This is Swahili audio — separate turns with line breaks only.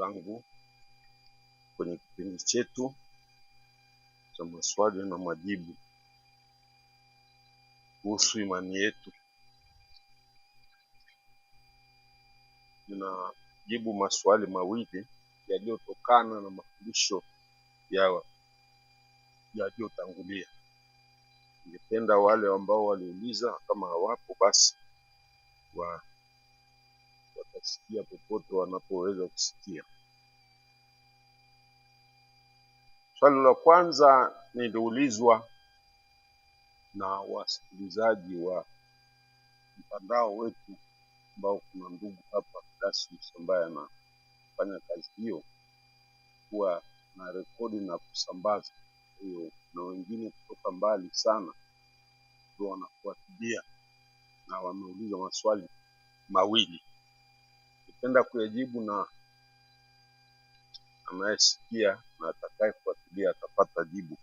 wangu kwenye kipindi chetu cha maswali na majibu kuhusu imani yetu. Tunajibu maswali mawili yaliyotokana na mafundisho ya yaliyotangulia. Ningependa wale ambao waliuliza, kama hawapo basi wa kusikia popote wanapoweza kusikia. Swali la kwanza niliulizwa na wasikilizaji wa mtandao wetu ambao kuna ndugu hapa Dasius ambaye anafanya kazi hiyo kuwa na rekodi na kusambaza. Hiyo na wengine kutoka mbali sana ndio wanafuatilia na wameuliza maswali mawili. Ningependa kuyajibu na anayesikia na atakayefuatilia atapata jibu.